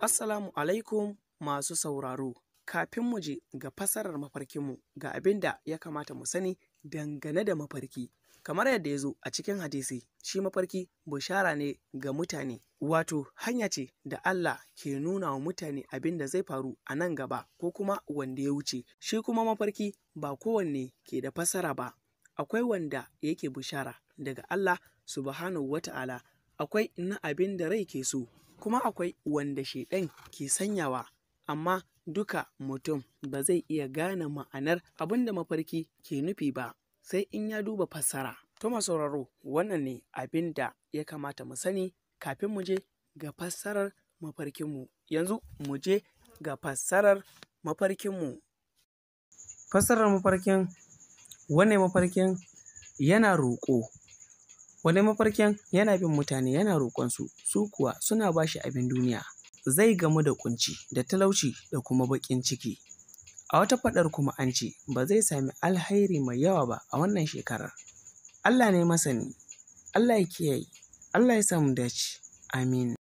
Assalamu alaikum masu sauraro, kafin mu je ga fasarar mafarkinmu ga abin da ya kamata mu sani dangane da mafarki. Kamar yadda ya zo a cikin hadisi, shi mafarki bushara ne ga mutane, wato hanya ce da Allah ke nuna wa mutane abin da zai faru a nan gaba ko kuma wanda ya wuce. Shi kuma mafarki ba kowanne ke da fasara ba, akwai wanda yake bushara daga Allah subhanahu Ta'ala? akwai na abin da rai ke so kuma akwai wanda shaiɗan ke sanyawa amma duka mutum ba zai iya gane ma'anar abin da mafarki ke nufi ba sai in ya duba fassara to sauraro wannan ne abin da ya kamata mu sani kafin mu je ga fassarar mafarkinmu yanzu mu je ga fassarar mafarkinmu fassarar mafarkin wannan mafarkin yana roƙo wani mafarkin yana bin mutane yana roƙon su su kuwa suna ba shi abin duniya zai gamu da kunci da talauci da kuma baƙin ciki a wata faɗar kuma an ce ba zai sami alhairi mai yawa ba a wannan shekarar allah ne masani allah ya kiyaye allah ya samu dace amin